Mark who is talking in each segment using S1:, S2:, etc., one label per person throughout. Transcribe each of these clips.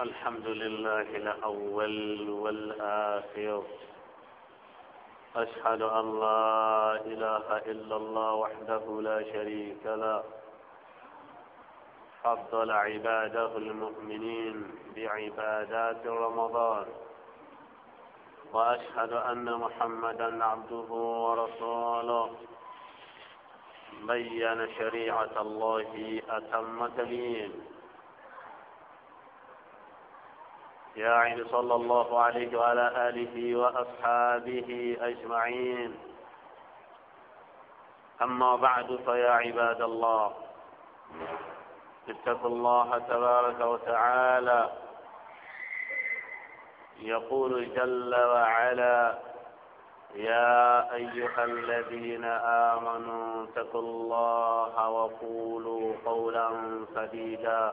S1: الحمد لله الأول والآخر أشهد أن لا إله إلا الله وحده لا شريك له فضل عباده المؤمنين بعبادات رمضان وأشهد أن محمدا عبده ورسوله بين شريعة الله أتم تبيين يا عيني صلى الله عليه وعلى آله وأصحابه أجمعين أما بعد فيا عباد الله اتقوا الله تبارك وتعالى يقول جل وعلا يا أيها الذين آمنوا اتقوا الله وقولوا قولا سديدا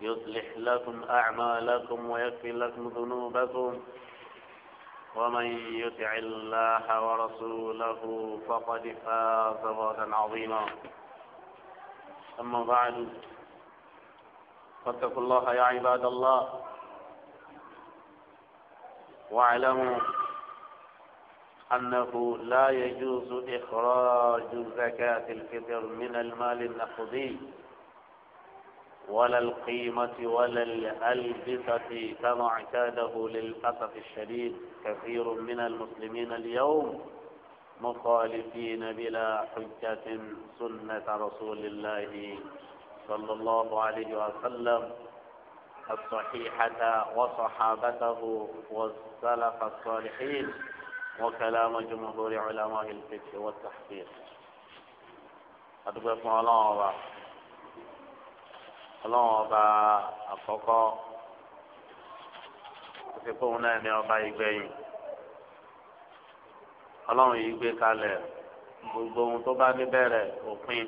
S1: يصلح لكم أعمالكم ويكفر لكم ذنوبكم ومن يطع الله ورسوله فقد فاز فوزا عظيما أما بعد فاتقوا الله يا عباد الله واعلموا أنه لا يجوز إخراج زكاة الفطر من المال النقدي ولا القيمة ولا الألبسة كما اعتاده للأسف الشديد كثير من المسلمين اليوم مخالفين بلا حجة سنة رسول الله صلى الله عليه وسلم الصحيحة وصحابته والسلف الصالحين وكلام جمهور علماء الفقه والتحقيق أدبر الله أبا الله أبا أفقا أفقون أمي أبا إبعي ọlọ́run yìí gbé kalẹ̀ gbogbo ohun tó bá níbẹ̀rẹ̀ òpin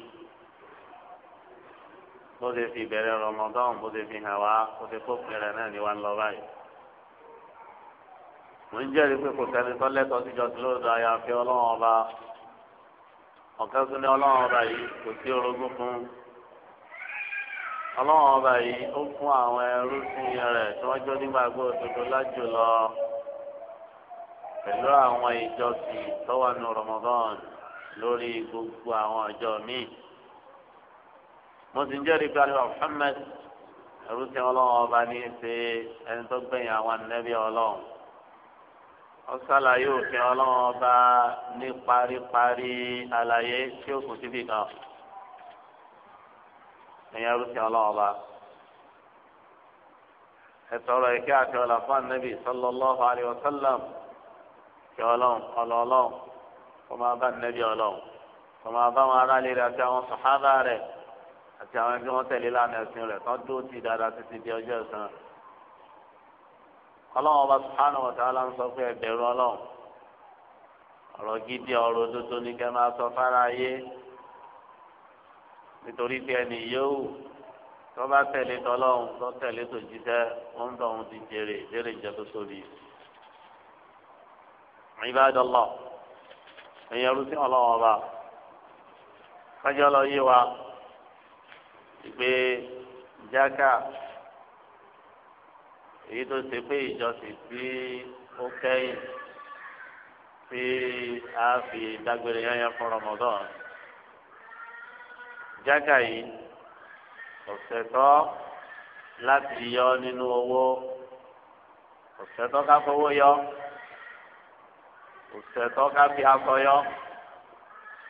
S1: bó ṣe fi ìbẹ̀rẹ̀ rọmọdán bó ṣe fi hàn wá bó ṣe kó pẹ̀rẹ̀ náà ni wà ń lọ báyìí mo ń jẹ́rìí pé kò sẹ́ni tó lẹ́tọ̀ọ́ síjọ sí lóòótọ́ àyàfi ọlọ́run ọba ọ̀kan tún ní ọlọ́run ọba yìí kò sí orogún fún ọlọ́run ọba yìí ó fún àwọn ẹrú sí rẹ̀ tí wọ́n jó nígbàgbọ́ òdodo lájò lọ pẹ̀lú àwọn ìjọsìn tó wà ní Ramadan lórí gbogbo àwọn ọjọ́ míì mo sì ń jẹ́rìí pé àlùfáà Muhammad ẹrú sí ọlọ́run ọba ní í ṣe ẹni tó gbẹ̀yìn àwọn ànábì ọlọ́run ọsàlàyé òfin ọlọ́run ọba ní paríparí àlàyé tí ó kù síbi kan ẹ̀yìn arúfin ọlọ́run ọba ẹ̀sọ̀rọ̀ ìkẹ́ àti ọ̀làfáà nẹ́bì sallallahu alaihi wasallam kí ọlọ́run ọlọ́ọ̀lọ́run kó máa bá nẹ́bì ọlọ́run kó máa bá wọn aráàlú rẹ̀ àti àwọn sàhábà rẹ̀ àti àwọn ẹbí wọn tẹ̀lé lánàá ẹ̀sìn rẹ̀ tán dúró ti dáadáa títí di ọjọ́ ìsàn ọlọ́run ọba subhanahu wa ta'ala ń sọ pé ẹbẹ̀rù ọlọ́run ọ̀rọ̀ gidi ọ̀rọ̀ òdodo ni kẹ́ máa sọ fára ayé nítorí pé ẹnì yóò tó bá tẹ̀lé tọ́lọ́run tó tẹ̀lé tó jíṣẹ́ wọ́n tó ń ti jèrè jèrè jẹ́ tó sórí. ìbádọ́lọ̀ ẹ̀yẹ rú sí ọlọ́run ọba kájọ́ lọ yé wa ìgbé jákà èyí tó ṣe pé ìjọsìn tí ó kẹ́yìn tí a fi dágbére yányá fún Ramadan jágà yìí ọ̀sẹ̀ tó láti yọ nínú owó ọ̀sẹ̀ tó ká fowó yọ ọ̀sẹ̀ tó ká fi aṣọ yọ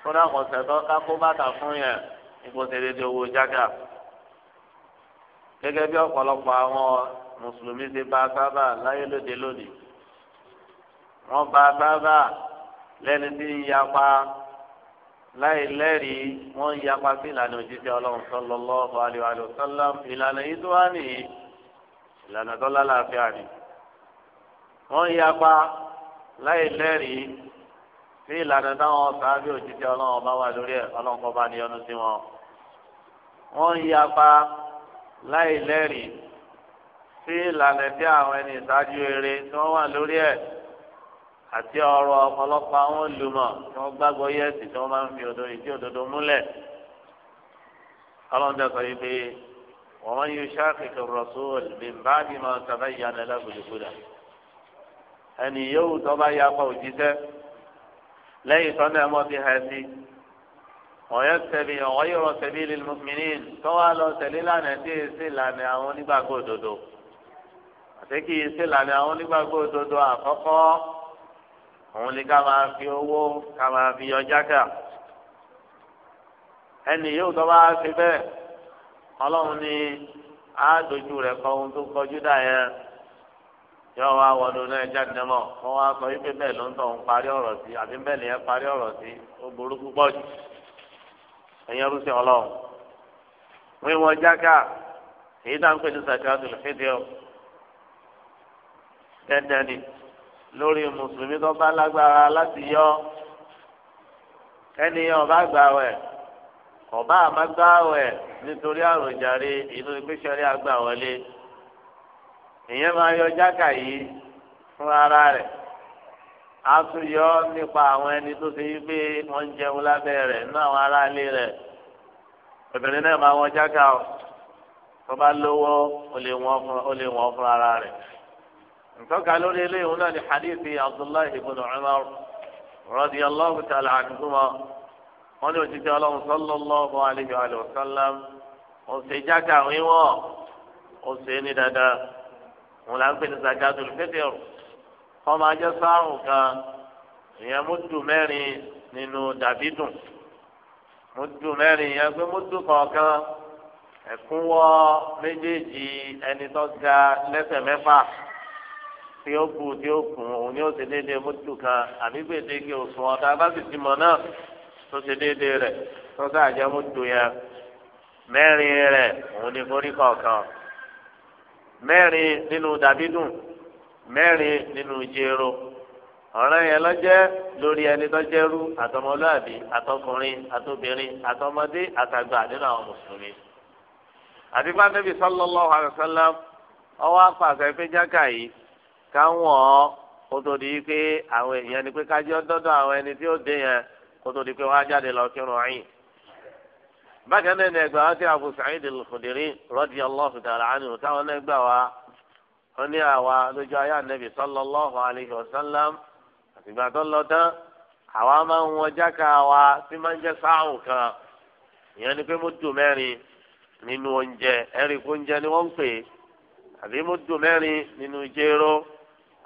S1: kódà ọ̀sẹ̀ tó ká kó bàtà fún yẹn ipò tẹ̀lé di owó jágà gẹ́gẹ́ bí ọ̀pọ̀lọpọ̀ àwọn mùsùlùmí ti bá sábà láyé lóde lónìí wọ́n bá sábà lẹ́ni tí ń yapa láì lẹ́rìí wọ́n ń yapa sí ìlànà òjíṣẹ́ ọlọ́run sallallahu alaihi wa sallam ìlànà yìí tó wá nìyí ìlànà tó lálàáfíà ni wọ́n ń yapa láì lẹ́rìí sí ìlànà táwọn sábẹ́ òjíṣẹ́ ọlọ́run bá wà lórí ẹ̀ ọlọ́run kọ́ bá ní ọdún sí wọn wọ́n ń yapa láì lẹ́rìí sí ìlànà tí àwọn ẹni ìṣáájú eré tí wọ́n wà lórí ẹ̀ àti ọ̀rọ̀ ọ̀pọ̀lọpọ̀ àwọn olùmọ̀ tí wọ́n gbàgbọ́ yẹ́sì tí wọ́n máa ń fi òdodo ìdí òdodo múlẹ̀. ọlọ́run dẹ́sọ̀ yìí pé wọ́n máa ń yọ ṣáàkìkì rọ̀sùl bí bá bí máa ń sábà yà ní alágbèdègbèdà. ẹnì yóò tó bá ya pa òjíṣẹ́ lẹ́yìn tó náà mọ́ bí ha sí. wọ́n yẹ tẹ̀bi ọ̀wọ́ yọ̀rọ̀ tẹ̀bi lil mu'minin tó wá lọ tẹ̀lé lánàá tí èsì lánàá àwọn onígbàgbọ́ òdodo àti kí iṣẹ́ lànà àwọn onígbàgbọ́ òdodo àkọ́kọ́ òun ni ká máa fi owó ká máa fi yọ jákà ẹnì yóò tọ́ bá ṣe bẹ́ẹ̀ ọlọ́run ni á dojú rẹ̀ kọ ohun tó kọjú dà yẹn yọ wá wọdọ náà jáde mọ wọn wá sọ wípé bẹ́ẹ̀ ló ń tọ òun parí ọ̀rọ̀ sí àbí bẹ́ẹ̀ nìyẹn parí ọ̀rọ̀ sí ó burú púpọ̀ jù ẹ̀yin ọlọsìn ọlọ́run wíwọ jákà èyí tá à ń pè ní sàkíyàtò lè fi dandan ni lórí mùsùlùmí tó bá lágbára láti yọ ẹni yẹn ọba gbà wẹ̀ ọba àmà gbà wẹ̀ nítorí àròjàre inú ìgbésẹ̀rí àgbà wọlé ìyẹn máa yọ jákà yìí fún ara rẹ̀ a tún yọ nípa àwọn ẹni tó ṣe wípé wọ́n ń jẹun lábẹ́ rẹ̀ nínú àwọn aráalé rẹ̀ obìnrin náà máa wọ jákà o tó bá lówó ó lè wọ́n fún ara rẹ̀ ntọ́ka lórí eléyìí wọn náà ní hadithi abdullahi ibn umar radiyallahu ta'ala anhuma wọn ní òjijì ọlọ́run sallallahu alayhi wa sallam ọ̀sẹ̀ jáka wíwọ́ ọ̀sẹ̀ ní dandan wọn là ń pè ní zakatul fitr ọmọ ajé sáàrùn kan ìyẹn múdù mẹ́rin nínú dàbídùn múdù mẹ́rin yẹn pé múdù kọ̀ọ̀kan ẹ̀kúnwọ́ méjèèjì ẹni tó ga lẹ́sẹ̀ mẹ́fà tí ó kù tí ó kù òun ni ó ṣe déédéé mójú kan àbí gbèdéke òsùn ọ̀tá bá sì ti mọ̀ náà tó ṣe déédéé rẹ̀ tó sáàjẹ́ mójú yẹn mẹ́rin rẹ̀ òun ni forí kọ̀ọ̀kan mẹ́rin nínú dàbídùn mẹ́rin nínú jéró ọ̀ràn yẹn lọ́jẹ́ lórí ẹni lọ́jẹ́rú àtọmọlúàbí àtọkùnrin àtobìnrin àtọmọdé àtàgbà nínú àwọn mùsùlùmí. àti fún anábì sallallahu alaihi wasallam ọwọ́ apàṣẹ pé jákà yìí káwọn ọ kó tó di pé àwọn èèyàn ni pé kájọ dọdọ àwọn ẹni tí ó dé yẹn kó tó di pé wọn á jáde lọ kírun ẹ̀yìn. bákan náà ní ẹgbẹ́ wọn ti náà gbà wá wọn ní àwa lójú ayé ànábì sallallahu àtìgbà tó lọ tán àwa máa ń wa máa ń jẹ kan ìyẹn ni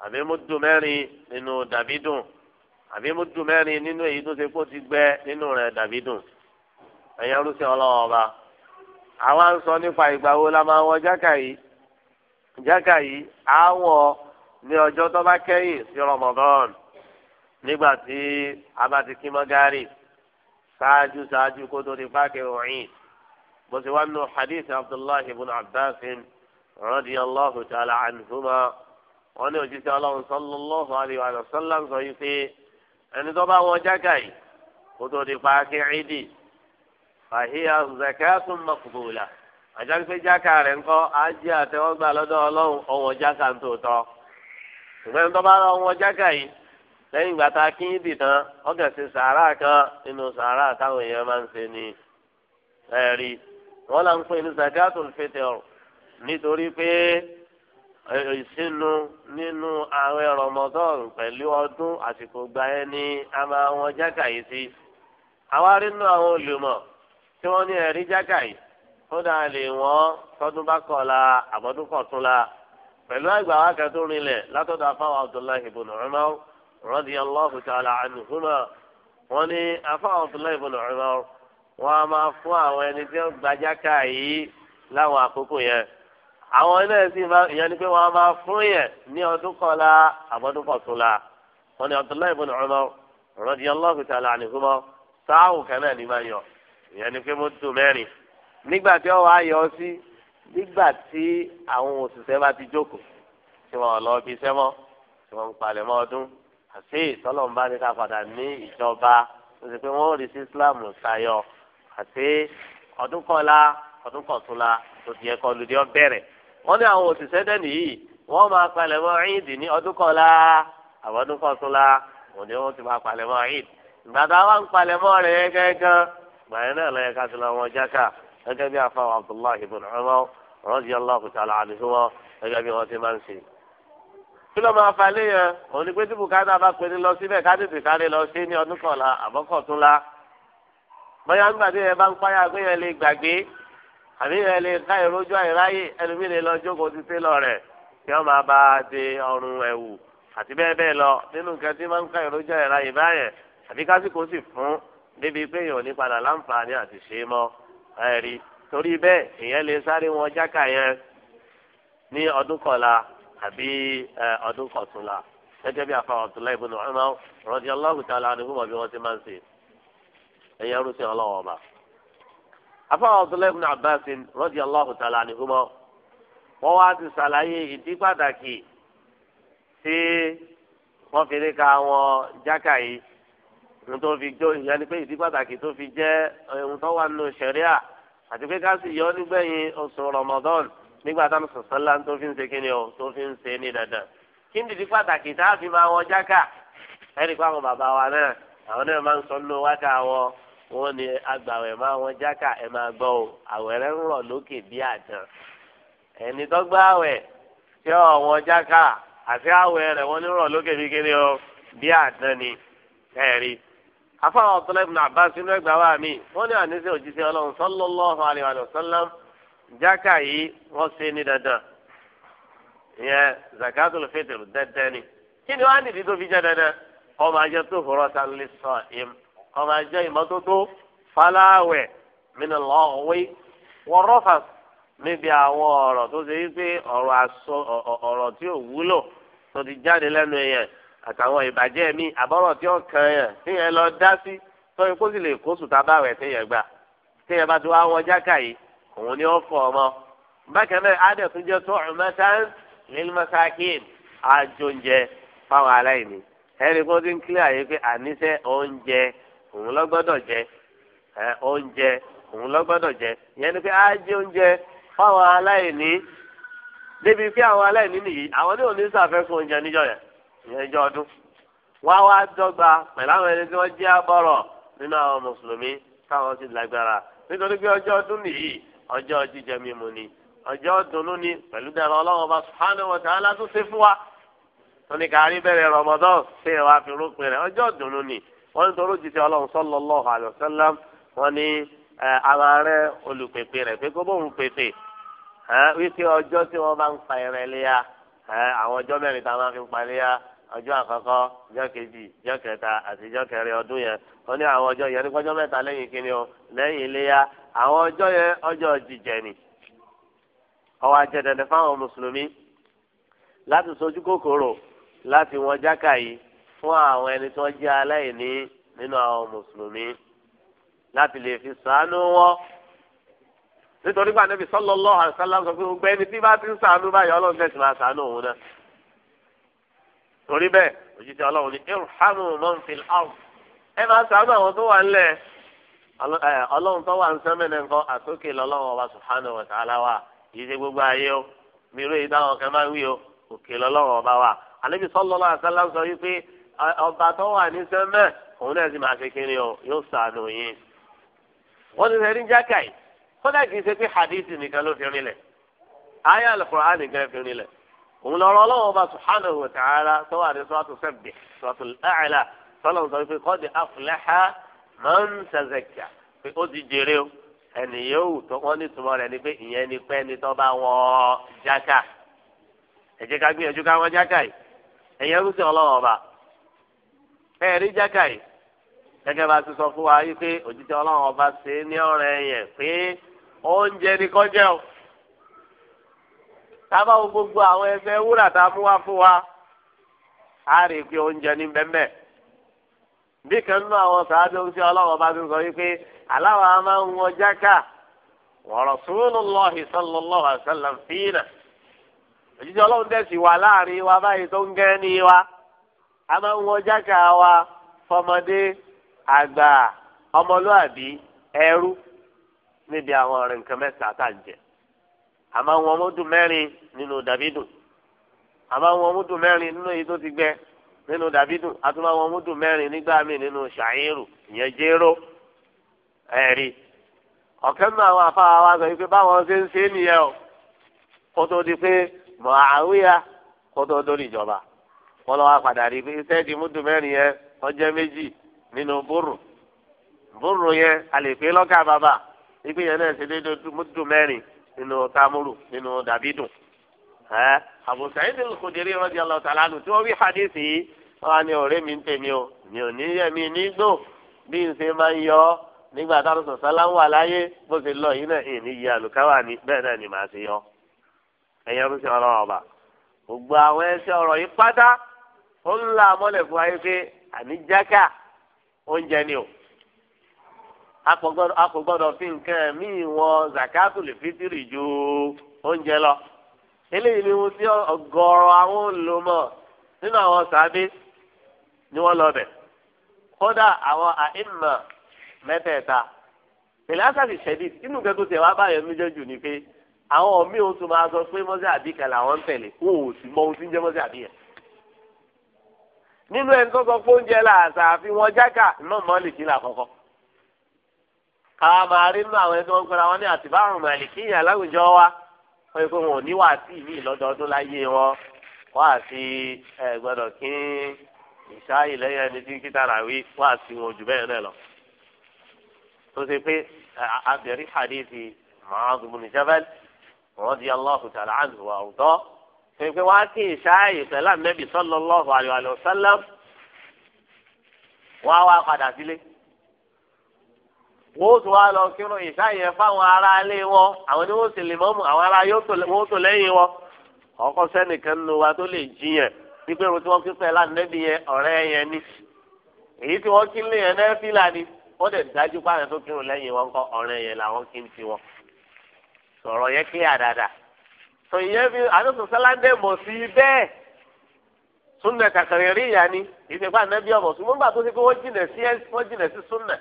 S1: àbí múdù mẹ́rin nínú dàbídùn àbí múdù mẹ́rin nínú èyí tó ṣe kó ti gbẹ nínú rẹ̀ dàbídùn ẹ̀yin arúgbó ọlọ́wọ́ ọba àwa ń sọ nípa ìgbà wo la máa wọ jákà yìí jákà yìí á ní ọjọ́ tó bá kẹ́yìn sí Ramadan nígbà tí a bá ti kí mọ́gárì ṣáájú ṣáájú kó tó di páàkì ròyìn bó ti wá nù hadith Abdullahi ibn Abbas radiyallahu ta'ala anhuma wọn ní òjíṣẹ́ ọlọ́run sallallahu alaihi wa sallam sọ yìí pé ẹni tó bá wọn jágà yìí kó tó di paaki ẹ̀ẹ́dì fàhíyà zakatun maqbula àjàgbé pé jágà rẹ̀ ńkọ́ ajé àtẹwọ́gbà lọ́dọ̀ ọlọ́run ọwọ́ jágà ń tòótọ́ ṣùgbọ́n ẹni tó bá wọn jágà yìí lẹ́yìn ìgbà tá a kí yín dì tán ọ̀gẹ̀ sí sàárà kan nínú sàárà táwọn èèyàn máa ń ṣe ni ẹ̀rí wọn là ń pè ní zakatul fitr nítorí pé ìsinu nínú ààwẹ̀ Ramadan pẹ̀lú ọdún àsìkò gba ẹ ní a máa wọn jákà yìí sí àwa rí nínú àwọn olùmọ̀ tí wọ́n ní ẹ̀rí jákà yìí kódà lè wọ́n tọdún bá kọ̀ la àbọ̀dún kọ̀ tún la pẹ̀lú àgbà wa kẹ́tù rinlẹ̀ látọ̀dọ̀ afáwọn Abdullahi ibn Umar radiyallahu ta'ala anhuma wọ́n ní afáwọn Abdullahi ibn Umar wọ́n a máa fún àwọn ẹni tí wọ́n gbajáka yìí láwọn àkókò yẹn àwọn náà sì máa ìyẹn ni pé wọn máa fún yẹn ní ọdún kọlá àbọ̀dún kọ̀tùnlá wọn ni Abdullahi ibn Umar radiyallahu ta'ala anhuma sáàwù kan náà ni máa yọ ìyẹn ni pé mo tó mẹ́rin nígbà tí wọn wá yọ ọ sí nígbà tí àwọn òṣìṣẹ́ bá ti jókòó tí wọn lọ bí iṣẹ́ mọ́ tí wọn ń palẹ̀ mọ́ ọdún àti ìtọ́lọ́mbá padà ní ìjọba wọ́n ní àwọn òṣìṣẹ́ dẹ́nì yìí wọ́n máa palẹ̀ mọ́ ẹ̀yìn dì ní ọdún kan la àwọn ọdún kan tún la wọ́n ní wọ́n ti máa palẹ̀ mọ́ ẹ̀yìn ìgbà tá a wá ń palẹ̀ mọ́ rẹ̀ gángan gbàyẹn náà lọ́yẹ ká ti lọ wọn jáká gẹ́gẹ́ bí afa abdullahi ibn umar radiyallahu ta'ala anhuma gẹ́gẹ́ bí wọ́n ti máa ń ṣe. kí ló máa fa ilé yẹn òun ni pé tí bùkátà bá pe ní lọ síbẹ̀ ká tètè kárí lọ sí ní ọdún kan la àbọ̀kọ̀tún la bóyá nígbà tí yẹn bá ń páyà àbí ẹ lè ká ìrójú àìráyè ẹlòmíì lè lọ jókòó ti télọ̀ rẹ̀ kí wọ́n máa bá a de ọrùn ẹ̀wù àti bẹ́ẹ̀ bẹ́ẹ̀ lọ nínú nǹkan tí máa ń ká ìrójú àìráyè báyẹn àbí kásìkò sì fún débi pé èèyàn ní padà láǹfààní àti ṣe é mọ́ ẹ̀rí torí bẹ́ẹ̀ èèyàn lè sáré wọn jákà yẹn ní ọdún kọ̀la àbí ọdún kọ̀túnla gẹ́gẹ́ bí àfa Abdullahi ibn Umar radiyallahu ta'ala anhu afáwọn abdullahi ibn abbas radiyallahu ta'ala anhuma wọ́n wá ti ṣàlàyé ìdí pàtàkì tí wọ́n fi ríka wọn jákà yìí ohun tó fi jó ìyá ni pé ìdí pàtàkì tó fi jẹ́ ohun tó wà nínú ṣẹ̀ríà àti pé ká sì yọ nígbẹ̀yìn oṣù ramadan nígbà táwọn sọ̀sọ́lá tó fi ń ṣe kíni o tó fi ń ṣe ní dandan kí ni ìdí pàtàkì tá fi máa wọn jákà ẹnì pé bàbá wa náà àwọn náà máa ń sọ nínú wákà wọn wọn ni agbàwẹ̀ máa wọn jáka ẹ máa gbọ́ o àwẹ̀ rẹ ń rọ̀ lókè bí àdán ẹni tó gbà àwẹ̀ tí ọ̀wọ́n jáka àti àwẹ̀ rẹ̀ wọ́n ní rọ̀ lókè bí kíni o bí àdán ni ẹ̀rí. afáwọn ọ̀tọ́lẹ̀ ibùdó Abbas ẹgbàá wa mi wọ́n ní àníṣe òjíṣẹ́ ọlọ́run sallallahu alaihi wa sallam jáka yìí wọ́n ṣe ní dandan ìyẹn zakatul fitr dandan ni kí ni wọ́n á nìdí tó fi jẹ́ dandan ọmọ àjọ tó fọ̀rọ̀ sálẹ̀ sọ kọ́ máa jẹ́ ìmọ́tótó fáláwẹ̀ mínú lọ́wọ́ wọ́n rọ́fà níbi àwọn ọ̀rọ̀ tó ṣe wípé ọ̀rọ̀ àsọ ọ̀rọ̀ tí ò wúlò tó ti jáde lẹ́nu yẹn àtàwọn ìbàjẹ́ mi àbọ̀rọ̀ tí ó kàn yẹn tíyẹn lọ dá sí tó yẹ kó sì lè kó sùtà báwẹ̀ tíyẹn gbà tíyẹn bá ti wá wọn jákà yìí òun ni ó fọ ọmọ bákan náà adẹ tún jẹ tó ọmọọtàn nílùmọsákìn àjòǹjẹ fáwọn aláìní ẹnì kan ti ń kílẹ̀ àyè pé àníṣe oúnjẹ òun ló gbọ́dọ̀ jẹ ẹ oúnjẹ òun jẹ ìyẹn ni pé á jẹ oúnjẹ fáwọn aláìní débi pé àwọn aláìní nìyí àwọn ní òní fún oúnjẹ níjọ yẹn ọdún wá wá àwọn ẹni tí nínú àwọn mùsùlùmí táwọn lágbára nítorí pé ọdún nìyí jíjẹ mímu ni ọjọ́ dùnnú ni pẹ̀lú dẹ̀rọ ọlọ́run ọba subhanahu wa ta'ala tó ṣe fún wa tóní fi rúpin ni wọ́n ń torí jìtì ọlọ́run sallallahu alaihi wasallam wọ́n ní ara rẹ olùpèpè rẹ̀ pé kó bóun pèpè wípé ọjọ́ tí wọ́n bá ń pa ẹ̀rẹ̀ léyà àwọn ọjọ́ mẹ́rin tá a máa fi ń pa léyà ọjọ́ àkọ́kọ́ ọjọ́ kejì ọjọ́ kẹta àti ọjọ́ kẹrin ọdún yẹn wọ́n ní àwọn ọjọ́ yẹn ní kọjọ́ mẹ́ta lẹ́yìn kínní o lẹ́yìn iléyà àwọn ọjọ́ yẹn ọjọ́ jíjẹ ni ọwọ́ àjẹdẹ̀dẹ̀ fáwọn mùsùlùmí láti sojú kòkòrò láti wọn jákà yìí fún àwọn ẹni tí wọ́n jẹ́ aláìní nínú àwọn mùsùlùmí láti lè fi sàánú wọn nítorí pé Ànábì sallallahu alaihi wasallam sọ pé gbogbo ẹni tí bá ti ń sàánú báyìí Ọlọ́run tẹsí máa sàánú òun náà torí bẹ́ẹ̀ òjijì Ọlọ́run irhamu ẹ máa àwọn tó wà tó wà ń nǹkan ọba yìí ṣe gbogbo ayé o mi i máa wa sọ ọba tó wà ní sẹ́mẹ̀ òun náà sì máa fi kiri o yóò sànù yín. wọ́n ti sẹ́ni jákà yìí kódà kìí ṣe pé hadithi nìkan ló fi rinlẹ̀ ayé al-Qur'an nìkan fi rinlẹ̀ òun lọ́rọ̀ ọlọ́wọ́ ọba subhanahu wa ta'ala tó wà ní suratu Sabbih suratu al-A'la sọ́lọ́ sọ pé qad aflaha man tazakka pé ó ti jèrè o ẹnì yóò tó wọ́n ní tùmọ̀ rẹ̀ ni pé ìyẹn ni pẹ́ ni tó bá wọn jákà ẹ ká gbìyànjú ká wọn jákà yìí ẹ̀yẹ́ rúṣin ọlọ́wọ́ ọba ẹ̀rí jákà gẹ́gẹ́ bá ti sọ fún wa pé òjijì ọlọ́run oúnjẹ ni kọ́ jẹ́ o wo gbogbo àwọn ẹgbẹ́ wúrà tá a mú oúnjẹ ni bẹ́ẹ̀ bí kan nínú àwọn sàádé ọlọ́run ọba ti sọ a máa ń wọ jákà wa fọmọdé àgbà ọmọlúàbí ẹrú níbi àwọn ọ̀rẹ́ nǹkan mẹ́ta tá à ń jẹ a máa ń wọ múdù mẹ́rin nínú dàbídùn a máa ń wọ múdù mẹ́rin nínú èyí tó ti gbẹ nínú dàbídùn a tún máa ń wọ múdù mẹ́rin nígbà míì nínú ṣàyẹ̀rù ìyẹn jéró ẹ̀rí ọ̀kẹ́ nínú àwọn afáwa wa sọ pé báwọn ṣe ń ṣe é nìyẹn o kó tó di pé mọ̀ àwíyá kó tó dórí ìjọba. wọn lọ wá padà rí pé sẹẹdì múdù mẹ́rin yẹn méjì nínú búrú búrú yẹn a lè bàbà ibi náà ṣe déédéé múdù mẹ́rin nínú tamuru nínú dàbídùn ẹ Abu Sa'id al-Khudri radiyallahu tí wí wọn ni ọ̀rẹ́ mi ń o mi ò ní yẹ mi lọ yìí náà yẹ àlùkáwà ni bẹ́ẹ̀ náà ni màá ọba gbogbo àwọn ọ̀rọ̀ yìí ó ń la amọ́lẹ̀ fún ayé pé àní jáká oúnjẹ ni o a kò gbọ́dọ̀ fi nǹkan míì wọn zakatu lè fi tìrì ju oúnjẹ lọ eléyìí ni wọ́n ti ọ̀gọ̀rọ̀ àwọn olùmọ̀ nínú àwọn sàbí ni wọ́n lọ bẹ̀ kódà àwọn àìmọ̀ mẹ́tẹ̀ẹ̀ta pẹ̀lú asàbí ṣẹ́dí inú kẹ́kọ̀ọ́ tẹ̀ wá báyọ̀ méjèèjì ni pé àwọn míì ó tún máa sọ pé mọ́sẹ̀ àbí kan làwọn ń tẹ̀lé wọn ò sì mọ ohun tí ń jẹ́ mọ́sẹ̀ àbí yẹn nínú ẹni tó sọ fún oúnjẹ làásà àfi wọn jáka iná mọ́lìkì làkọ́kọ́. káwa máa rí nínú àwọn ẹni tó ń pera wọn ní àtìbáhùn mọ̀lìkì yẹn láwùjọ wa wọ́n yẹ kó wọn ò ní wàá sí ìmí lọ́dọọdún láyé wọn wọ́n á fi ẹ gbọ́dọ̀ kí ìṣááyì lẹ́yìn ẹni tí kíta rà wí wọ́n á wọn jù bẹ́ẹ̀ náà lọ. tó ṣe pé abẹ̀rí hadithi Mu'adh bin Jabal radiyallahu ta'ala anhu wa pèpè wá sí ìṣááyè pẹ̀lú ànábì sallallahu alaihi wa sallam wọ́n á wá padà sílé wọ́n ó tún wá lọ kírun ìṣááyè fáwọn ará ilé wọn àwọn ni wọ́n sì lè mọ́mù àwọn ará yóò tó lẹ́yìn wọn ọkọ sẹ́nìkan nu wa tó lè jiyàn wípé irun tí wọ́n kí pẹ̀lú ànábì yẹn ọ̀rẹ́ yẹn ni èyí tí wọ́n kí lé yẹn náà fílà ni wọ́n dẹ̀ dájú pààyàn tó kírun lẹ́yìn wọn kọ́ ọ̀rẹ́ yẹn làwọn kí ń fi wọn sọ̀rọ̀ yẹn kílíà dáadáa tó ìyẹn fi àdóso sálándé mọ̀ sí bẹ́ẹ̀ súnà kàkàrẹ̀ rí ìyá ni ìfipá nẹ́bí ọmọ sùn mọ́gbà tó ti pé wọ́n jìnà sí wọ́n jìnà sí súnà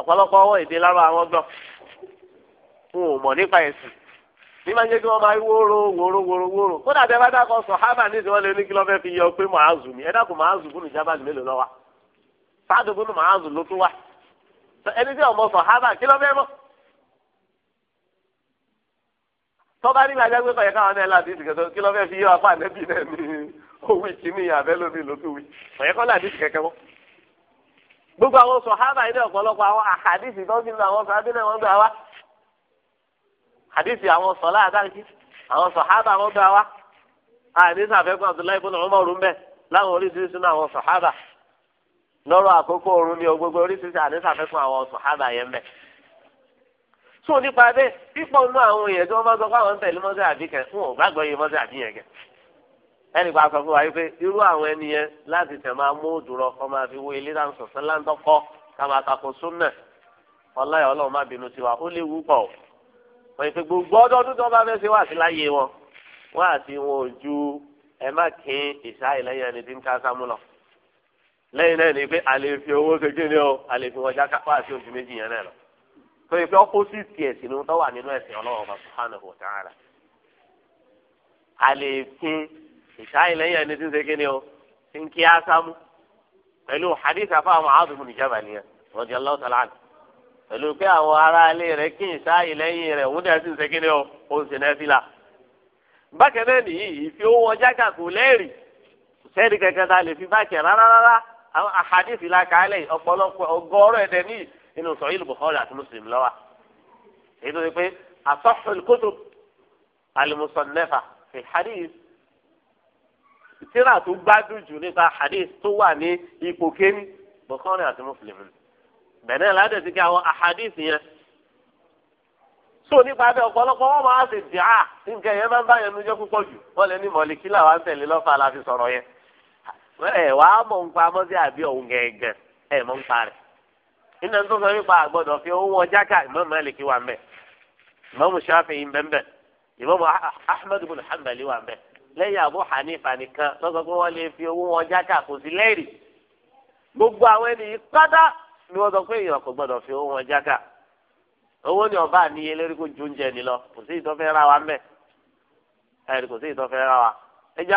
S1: ọ̀pọ̀lọpọ̀ ọwọ́ èdè lára àwọn gbọ́ fún òmọ̀ nípa ẹ̀sìn ní máa ń jẹ́ kí wọ́n máa wóró wóró wóró wóró kódà tẹ bá dákọ̀ sọ hábà ní ìdíwọ́n lé ní kí lọ́fẹ́ fi yọ pé tọ́ba ní ìlàjà gbé kọ̀yẹ́ káwọn náà láti ìsìnkẹ́ tó kí ló fẹ́ fi yé wa pa náà ní owó ìkíní àbẹ́ lómi lókè wí kọ̀yẹ́ kọ́ láti ìsìnkẹ́ kẹ́wọ́. gbogbo àwọn sọ̀hábà yìí náà ọ̀pọ̀lọpọ̀ àwọn àhàdìsì tó ń fi lu àwọn sọ̀hábì náà wọ́n gbà wá. àdìsì àwọn sọ̀lá àdáǹkì àwọn sọ̀hábà wọ́n gbà wá. àdìsì àfẹ́kùn Abdullahi ibn Umar ń bẹ láwọn oríṣiríṣi náà àwọn sọ̀hábà lọ́rọ̀ àkókò òru ni gbogbo oríṣiríṣi àdìsì àfẹ́kùn àwọn sọ̀hábà yẹn bẹ́ẹ̀ tó nípa bẹ́ẹ̀ pípọ̀ nú àwọn èèyàn tí wọ́n bá sọ fún àwọn tẹ̀lé mọ́sẹ̀ àbí kẹ́ fún òun gbàgbọ́ yìí mọ́sẹ̀ àbí yẹn kẹ́ ẹnì kan sọ fún wa pé irú àwọn ẹni yẹn láti tẹ̀ máa mú òdùrọ̀ kọ́ máa fi wo ilé náà sọ̀sẹ́ láńtọ́kọ́ ká máa takò súnà ọláyà ọlọ́run má bínú tiwa ó léwu pọ̀ wọ́n ìpè gbogbo ọdọọdún tó bá fẹ́ ṣe wá sí láyé wọn wọ́n àti wọn ò ju ẹ má kín ìsáyè lẹ́yìn ẹni tí ń ká sámú lọ lẹ́yìn náà ni pé àlè fi owó ṣe kí ni o àlè fi wọn já kápá àti oṣù méjì yẹn náà lọ tó yẹ pé ọ́pọ́sìtì ẹ̀sìn ló ń tọ́ wà nínú ẹ̀sìn ọlọ́run bá subhanahu wa ta'ala. a lè fún ìṣáìlẹ́yìn ẹni tí ń ṣe kí ni o ti ń kí á sámú pẹ̀lú hadith afáwọn àádùmù níjàmbá nìyẹn radiyallahu ta'ala anhu pẹ̀lú pé àwọn aráalé rẹ̀ kí ìṣáìlẹ́yìn rẹ̀ òun dẹ̀ sì ń ṣe kí ni o ó ń ṣe nẹ́fìlà bákẹ́ náà nìyí ìfi owó ọjà kàkó lẹ́rìí sẹ́ẹ̀dì kẹ̀kẹ́ ta nínú sọ̀yìn Bukhari àti Muslim lọ́wọ́ èyí tó ti pé asahhul kutub al-musannafa fi hadith tírà tó gbádùn jù nípa hadith tó wà ní ipò kéwì Bukhari àti Muslim bẹ̀rẹ̀ ládẹ̀ ti kí àwọn ahadith yẹn so nípa abẹ ọ̀pọ̀lọpọ̀ wọn máa ṣe dìá nǹkan yẹn máa ń bá yẹn nu jẹ́ púpọ̀ jù wọ́n lè ní mọ̀lìkílà wa ń tẹ̀lé la fi sọ̀rọ̀ yẹn ẹ̀ wàá mọ̀ ń pa mọ́sí àbí òun gẹ̀ẹ́gẹ̀ ẹ̀ mọ̀ ń pa iná tó sọ wípé àgbọ̀dọ̀ fi owó wọn jáka Imam Malik wà mbẹ Imam Shafi'i mbẹ́mbẹ́ Imam Ahmad ibn Hanbali wà mbẹ lẹ́yìn Abu Hanifa nìkan tó sọ pé wọ́n lè fi owó wọn jáka kò sí lẹ́rìí gbogbo àwọn ènìyàn pátá ni wọ́n sọ pé èèyàn kò gbọ́dọ̀ fi owó wọn jáka owó ni ọba àníyé lórí kó ju oúnjẹ ni lọ kò sí ìtọ́fẹ́ ra wa mbẹ ẹ̀rí kò sí ìtọ́fẹ́ ra wa ẹjẹ́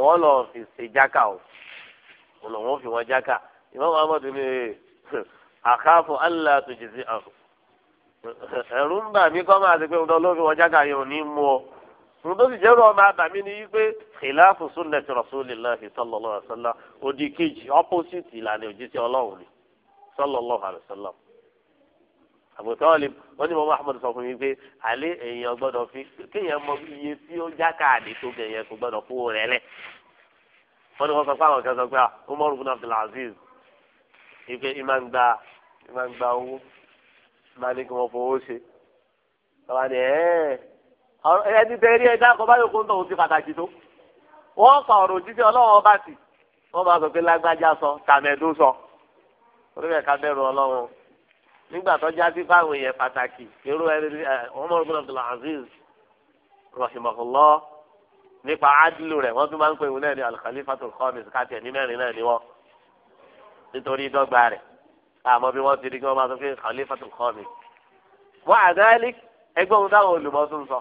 S1: wọ́n lọ fi ṣe jáka o wọ́n lọ wọ́n fi wọ́n jáka ìmọ̀ muhammadu ni àkáfọ̀ allah tó jẹ sí àrùn ẹ̀rù ń bà mí kọ́ máa ti pé ọdún olófin wọn jáka yẹn ò ní mú ọ mo tó sì jẹ́rù ọmọ àbàmí ni wípé khilafu sunnati rasulillahi sallallahu alaihi wasallam odi kejì opposite ìlànà òjíṣẹ́ ọlọ́run ni sallallahu alaihi wasallam. Abu Talib wọ́n ní mọ́mọ́ Ahmed sọ fún mi pé alẹ́ èèyàn gbọ́dọ̀ fi kéèyàn mọ iye tí ó já káàdì tó gẹ̀ yẹn kó gbọ́dọ̀ fowó rẹ̀ lẹ̀. wọ́n ní wọ́n sọ pé àwọn kan sọ pé ah, Umar ibn Abdul Aziz ipe ìmàǹgbà ìmàǹgbà owó máa ní kí wọ́n fowó ṣe. bàbá ni ẹ ẹni tẹ́ rí ẹja kọ báyọ̀ kó ń tọ̀hún sí pàtàkì tó. wọ́n pa ọ̀rọ̀ òjíṣẹ́ ọlọ́run ọba sí wọ́n nígbà tó jáde fáwọn èèyàn pàtàkì kéró ẹni eh, Umar ibn Abdul Aziz rahimahullah nípa adilu rẹ̀ wọ́n tún máa ń pè wọn náà ní al-Khalifatul Khamis káàtì ẹni mẹ́rin náà ni wọ́n nítorí dọ́gba rẹ̀ àmọ́ bí wọ́n ti di kí wọ́n máa sọ pé Khalifatul Khamis. wọ́n àdáyálí ẹgbẹ́ òun táwọn olùmọ̀tún sọ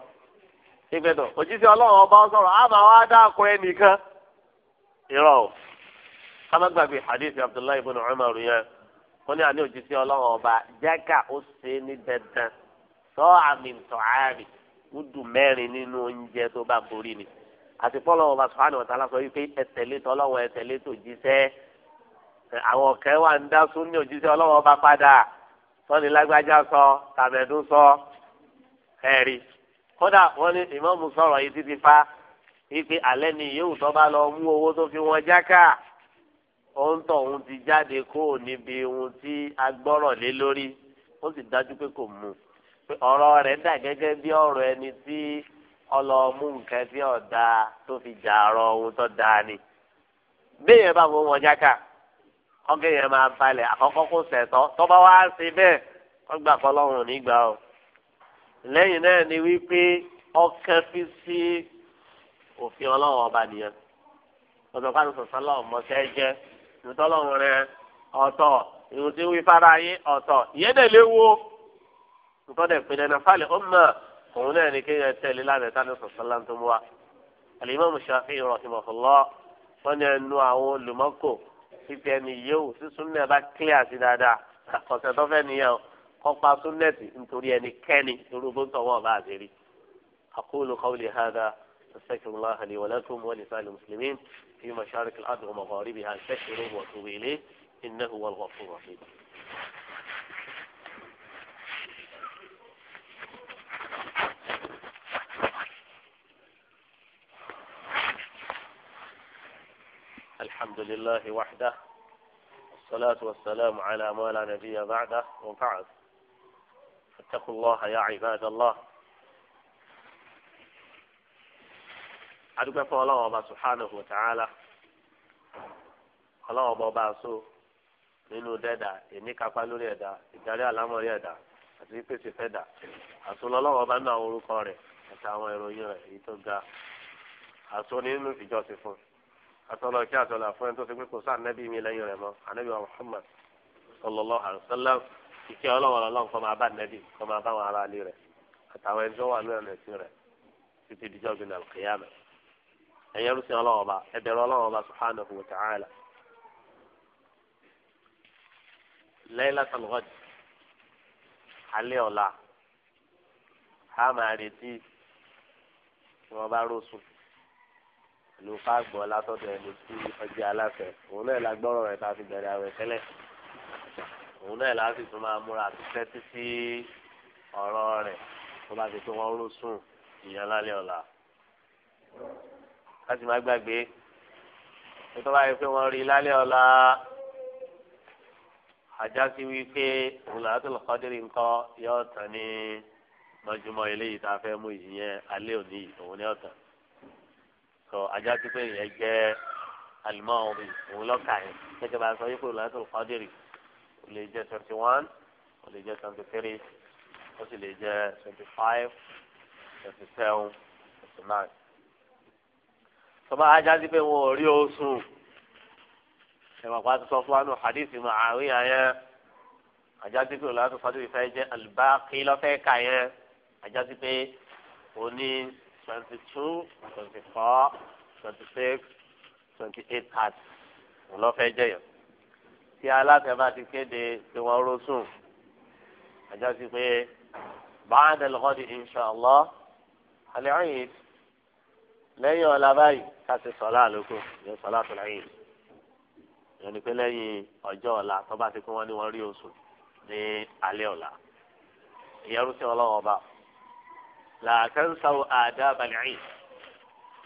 S1: ìgbẹ́dọ̀ òjíṣẹ́ ọlọ́run ọba sọ̀rọ̀ àmà wa dáko ẹnìkan ìrọ̀ ò kámágbàgbé hadith Abdullahi ibn Umar yẹn wọ́n ní àní òjíṣẹ́ ọlọ́run ọba jágà ó ṣe ní dandan sọ àmì tọ́hárì wúdù mẹ́rin nínú oúnjẹ tó bá borí ni àti pọ́lọ́ ọba sọ́hánì ọ̀tá lásán wípé ẹ̀tẹ̀lé tọ́lọ́wọ́ ẹ̀tẹ̀lé tó jíṣẹ́ àwọn ọ̀kẹ́ wà ń dá sún ní òjíṣẹ́ ọlọ́run ọba padà sọ́ni lágbájá sọ tàbẹ̀dún sọ ẹ̀rí kódà wọ́n ní ìmọ̀ọ́mù sọ̀rọ̀ yìí títí fa wípé alẹ́ ni yóò tọ́ bá lọ mú owó tó fi wọn jáká òun tó òun ti jáde kó níbi ohun tí a gbọ́rọ̀ lé lórí ó sì dájú pé kò mú pé ọ̀rọ̀ rẹ̀ dà gẹ́gẹ́ bí ọ̀rọ̀ ẹni tí ọlọ́mú nǹkan tí ọ̀dà tó fi jà ọ̀rọ̀ ohun tó dáa ni. béèyàn bá fún wọn jáka ọ̀gẹ́ yẹn máa balẹ̀ àkọ́kọ́ kó sẹ̀tọ́ tó bá wá sí bẹ́ẹ̀ wọ́n gbà nígbà o. lẹ́yìn náà ni wípé ọkàn fi sí òfin ọlọ́run ọba nìyẹn ọ̀dọ̀ kan sọ̀sọ́ lọ́ọ̀ mọ́ṣẹ́ jẹ́ ìtọ́lọ́run rẹ ọ̀tọ̀ ìhun tí wí fara yín ọ̀tọ̀ ìyẹn dẹ̀ léwu nǹkan dẹ̀ pinnu ẹ̀nà fáìlì ó mọ̀ òun náà ní kéèyàn tẹ̀lé lánàá tánú sọ̀sọ́lá tó mú wa. alimami Shafi'i rahimahullah wọn ní ẹnu àwọn olùmọ́kò fífi ẹni yéwù sí súnmẹ́ bá kílíà sí dáadáa ọ̀sẹ̀ tó fẹ́ nìyẹn o kọ́pa súnmẹ́tì nítorí ẹni kẹ́ni lórí bó wọ́n bá a ṣe rí. aqulu qawli hadha astaghfirullah li wa lakum wa في مشارق الأرض ومغاربها استشعره وتوب إليه إنه هو الغفور الرحيم الحمد لله وحده والصلاة والسلام على ما لا نبي بعده وبعد فاتقوا الله يا عباد الله adúpẹ́ fún ọlọ́run ọba subhanahu wa ta'ala ọlọ́run ọba ọba àṣọ nínú dẹ́dà èmi kápá lórí ẹ̀dá ìdarí àlámọ̀rí ẹ̀dá àti pèsè fẹ́dà àṣọ lọ́lọ́run ọba nínú àwọn orúkọ rẹ̀ àti àwọn ìròyìn rẹ̀ èyí tó ga nínú ìjọsìn fún kí tó ti pé kò mi wa Muhammad máa bá máa bá wọn àtàwọn wà lóyún títí gbin ẹ̀yẹ rúṣin ọlọ́wọ́ ọba ẹ̀bẹ̀rẹ̀ ọlọ́wọ́ ọba subhanahu wa ta'ala Laylatul Qadr alẹ́ ọ̀la a máa retí tí wọ́n bá rọ́ṣùn ìlú fáàgbọ́ látọ̀dọ̀ ẹni tí ọjà aláfẹ́ òun náà la gbọ́rọ̀ rẹ̀ tá a fi bẹ̀rẹ̀ àwẹ̀ tẹ́lẹ̀ òun náà láti tún máa múra àti tẹ́tí sí ọ̀rọ̀ rẹ̀ tó bá ti pé wọ́n rọ́ṣùn ìyẹn lálẹ́ ọ̀la ká sì má gbàgbé nítorí wáyé pé wọ́n rí lálẹ́ ọ̀la àjásí wípé Lailatul Qadri ńkọ́ yóò tán ní mọ́júmọ́ eléyìí tá a fẹ́ mú ìyẹn alẹ́ òní òun ní ọ̀tàn sọ àjásí pé ìyẹn jẹ́ alimọ́ òbí òun lọ́kà yẹn gẹ́gẹ́ bá a sọ wípé Lailatul Qadri ó lè jẹ́ twenty one ó lè jẹ́ twenty three ó sì lè jẹ́ twenty five twenty seven twenty nine sọba ajásí pé wọn ò rí oṣù ẹ̀mọ̀pá ti sọ fún wa nù hadithi Muawiya yẹn ajásí pé olùwà tó fọdún ìfẹ́ jẹ́ al-Baqi lọ́fẹ́ yẹn ajásí pé òní twenty two twenty four twenty six twenty eight thirty lọ́fẹ́ jẹ́ yẹn tí aláṣẹ bá ti kéde pé wọ́n rọ́sùn ajásí pé ba'da al-ghadi insha Allah al-Eid lẹ́yìn ọ̀la báyìí káṣí sọ̀lá àlókò ìyẹn sọ̀lá tó lẹ́yìn ìyẹn ni pé lẹ́yìn ọjọ́ ọ̀la tó bá ti kún wọn ní wọn rí oṣù ní alẹ́ ọ̀la ìyẹn rúṣẹ́ ọlọ́wọ́ ọba làákẹ́ńsáwò àdábàlẹ̀ ẹ̀yìn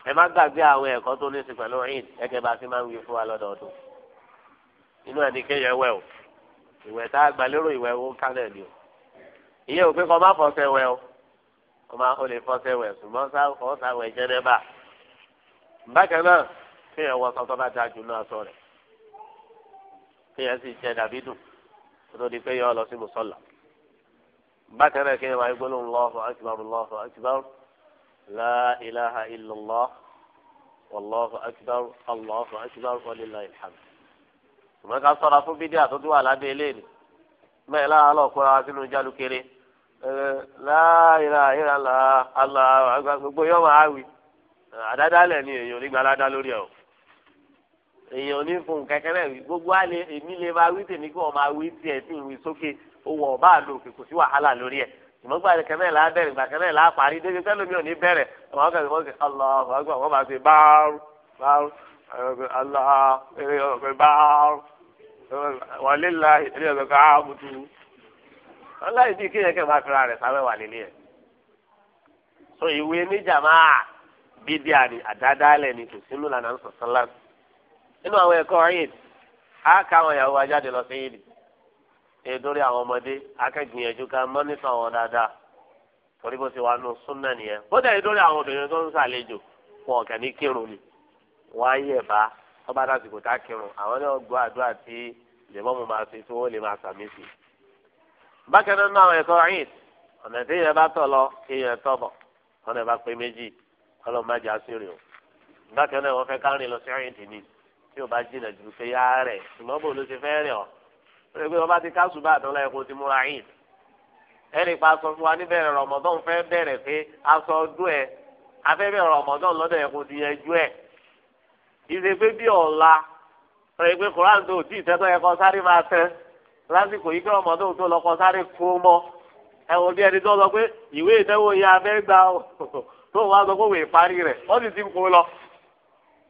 S1: ẹ má gbàgbé àwọn ẹ̀kọ́ tó ní í ṣe pẹ̀lú ẹ̀yìn gẹ́gẹ́ bá a ti máa ń wí fún wa lọ́dọọdún inú ẹ̀ ní wẹ̀ o ìwẹ̀ tá a gbà lérò ìwẹ̀ owó kálẹ̀ ni o ìyẹn ò pé kọ́ má fọṣẹ wẹ̀ o ọmọ o lè fọṣẹ wẹ̀ ṣùgbọ́n ọ̀sà jẹ́nẹ́bà bákan náà kéèyàn wọ aṣọ tó bá dáa jù náà aṣọ rẹ̀ kéèyàn sì jẹ dàbí dùn tó pé yọ lọ sí bákan náà kéèyàn ilaha illallah wallahu akbar Allahu akbar walillahil ṣùgbọ́n ká sọ̀rọ̀ fún wà lábẹ́ eléyìí bẹ́ẹ̀ láàárọ̀ sínú gbogbo yọ̀ wí. àdádálẹ̀ ni èèyàn onígbàládá lórí ẹ̀ o èèyàn onífun kẹkẹrẹ gbogbo àlẹ èmi lè máa wí tèmi kí wọn máa wí tiẹ̀ tí ìwé sókè owó ọba àlò òkè kò sí wàhálà lórí ẹ̀ ìmọ̀gbà kẹmẹ́ là á bẹ̀rẹ̀ ìgbà kẹmẹ́ là á parí débi sẹ́lómi ò ní bẹ̀rẹ̀ àwọn akẹ́kẹ́ wọn kẹ́ aláwọ̀ àgbà wọn máa ṣe báárù báárù aláwọ̀ báárù wàlẹ́ ilé ọ̀gbẹ́ ká àbùtù aláìsí bíbí àní àdáadáalẹ̀ ni kò sínú lànà ń sọ̀tàn lánàá. nínú àwọn ẹ̀kọ́ ayéd á ká àwọn ìyàwó wa jáde lọ sí yìí ní dórí àwọn ọmọdé aka ká mọ́nítọ̀ wọn dáadáa torí bó ṣe wà nù súnà nìyẹn àwọn obìnrin tó ń wọn ní kírun ni wọ́n á yẹ̀ bá ọba dàsìkò tá kírun àwọn náà gbọ́ àdúrà tí lèmọ́mù máa ṣe tí wọ́n lè máa sàmì sí. bákan náà kọlọ́n bá jà sí rìn o nígbà tí wọ́n fẹ́ kárìn lọ sí ẹ̀yìn tèmi tí o bá jìnà ju pé yá rẹ̀ ṣùgbọ́n bò ló ṣe fẹ́ rìn ọ́ ó lè gbé wọn bá ti ká ṣùgbọ́n àtọ́ láyé ti múra yìí ẹnì pa sọ fún wa níbẹ̀rẹ̀ rọmọdán fẹ́ bẹ̀rẹ̀ pé aṣọ ọdún ẹ afẹ́bẹ̀ rọmọdán lọ́dọ̀ ẹ̀ kó ti yẹjú ẹ̀ ìṣe pé bí ọ̀la rẹ̀ pé koran tó tí ìtẹ́tọ́ ẹ̀ sáré máa tẹ́ lásìkò yìí kí rọmọdán tó lọ kọ́ sáré kó mọ́ ẹ̀ tó wàá sọ pé wèé parí rẹ̀ sì ti kó lọ.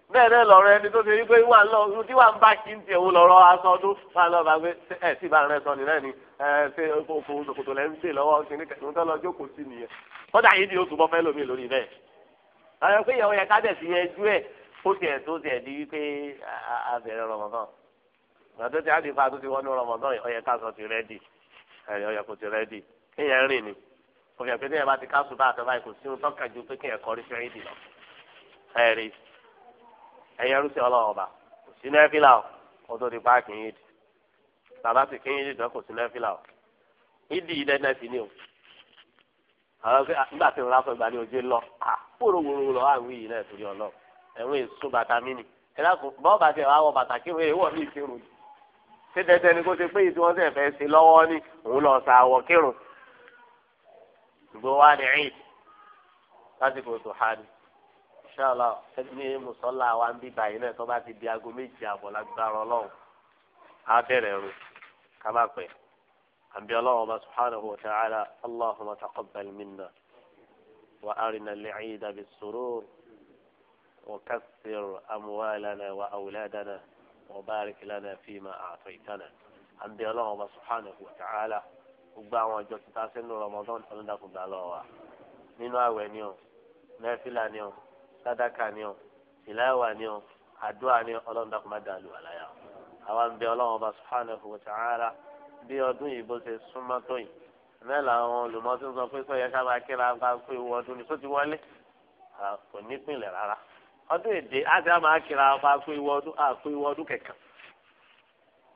S1: bẹ́ẹ̀ náà lọ̀rọ̀ ẹni tó ṣe wípé wà lọ ohun tí wà ń bá kí n tiẹ̀ wò lọ́rọ̀ aṣọ ọdún wà lọ bá gbé ẹ̀ tí rẹ sọ nìyẹn ni ẹ ṣe òfò òkòtò lẹ́ ń ṣe lọ́wọ́ kìnní kẹ̀kẹ́ tó lọ jókòó sí nìyẹn. kọ́dà yìí ni ó túbọ̀ fẹ́ lómi lórí bẹ́ẹ̀. àwọn pé ìyàwó yẹ kábẹ̀sì yẹn jú ẹ̀ kó tiẹ̀ tó tiẹ̀ di wípé abẹ̀rẹ̀ rọ̀mọ̀tán. gbàdúrà ti á di òfin àpẹẹrẹ yẹn bá ti káṣù bá àtọ́ báyìí kò sí ohun tọ́ka ju pé kí ẹ̀kọ́ rí lọ. ẹ̀rí ẹ̀yẹ rúṣẹ́ ọlọ́run ọba kò o kó tó di pa kìnyìn dì bàbá sì kìnyìn dì tán kò sí nẹ́fìlà o ìdí yìí dẹ́dẹ́ sí ni o. àwọn nígbà tí lásán ojú lọ kúrò wúrúwú lọ àwọn yìí náà torí ọlọ ẹ̀wọ̀n èso bàtà mí ni bàtà ṣùgbọ́n wà ní ẹ̀yìn lásìkò tó ha ni ṣáàlà ní mùsọ́lá wa ń bí báyìí náà tó bá ti di aago méjì àbọ̀ lágbára ọlọ́run á bẹ̀rẹ̀ rú ká má pẹ́ àbí ọlọ́run ọba subhanahu wa ta'ala allahumma taqabbal minna wa arina al-eid bis-surur wa kassir amwalana wa awladana wa barik lana fima a'taytana àbí ọlọ́run ọba subhanahu wa ta'ala gbogbo àwọn ọjọ́ títa sínú Ramadan ọlọ́dàkùnrin lọ wa nínú àwẹ̀ ni o nẹ́fìlà ni o sàdákà ni o tìláwà ni o àdúrà ni ọlọ́dàkùnrin dàlù àlàyé àwa ń bẹ ọlọ́run ọba subhanahu wa ta'ala bí ọdún yìí bó ṣe súnmọ́ tó yìí bẹ́ẹ̀ làwọn olùmọ́tò sọ pé sọ yẹ ká máa kíra bá pé wọ ọdún ni tó ti wọlé kò nípìnlẹ̀ rárá ọdún èdè á ti máa kíra bá pé wọ ọdún kẹ̀kẹ́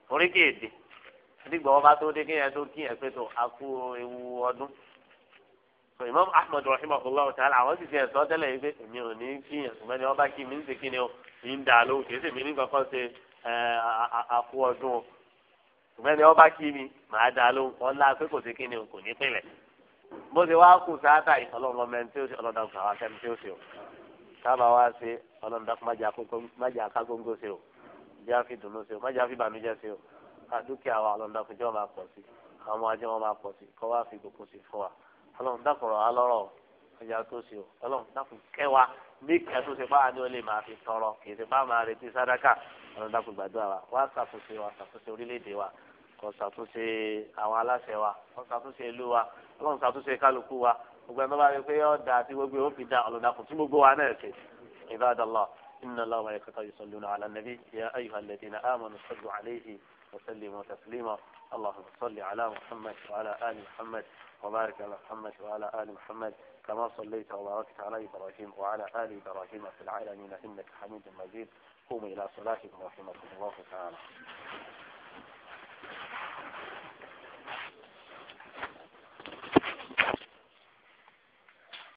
S1: oríkì èdè nígbà wọn bá tó dé kéèyàn tó kí ẹgbẹ́ tó akú ewu ọdún so Imam Ahmad rahimahullah ta'ala àwọn sì ti ẹ̀sọ́ tẹ́lẹ̀ yìí pé èmi ò ní kí ẹ̀sùnmọ́ ni wọ́n bá kí mi ń ṣe kí ni o mi ń dà lóhùn kìí ṣèmi nígbà kan ṣe akú ọdún o ṣùgbọ́n ni wọ́n bá kí mi màá dà lóhùn ọ̀la pé kò sí kí ni o kò ní pínlẹ̀ bó ṣe wá kù sáátà ìfọlọ́ọ̀lọ́mọ ẹni tí ká dúkìá wa lọ́dọ̀ fúnjọ́ máa pọ̀ sí àwọn ọmọ ajé wọn máa pọ̀ sí kọ́ wá fi gbogbo sí fún wa ọlọ́run dákùrọ̀ alọ́rọ̀ ọjà tó ṣe o ọlọ́run dákùn kẹwàá bí kẹ́ tó ṣe báwa ni ó lè máa fi tọrọ kì í ṣe báwa máa retí sádàkà ọlọ́run dákùn gbàdúrà wa wá ṣàtúnṣe wa ṣàtúnṣe orílẹ̀-èdè wa kó ṣàtúnṣe àwọn aláṣẹ wa kó ṣàtúnṣe ìlú wa ọlọ́run ṣàtúnṣe kálukú wa gbogbo ẹni tó bá rí pé yóò da àti gbogbo yóò fi da ọlọ́run dákùn tí gbogbo wa náà ṣe ibadallah inna Allaha wa malaikatahu yusalluna ala nabi ya ayyuha alladhina amanu sallu alayhi وسلم تسليما اللهم صل على محمد وعلى آل محمد وبارك على محمد وعلى آل محمد كما صليت وباركت على إبراهيم وعلى آل إبراهيم في العالمين إنك حميد مجيد قوموا إلى صلاتكم رحمكم الله تعالى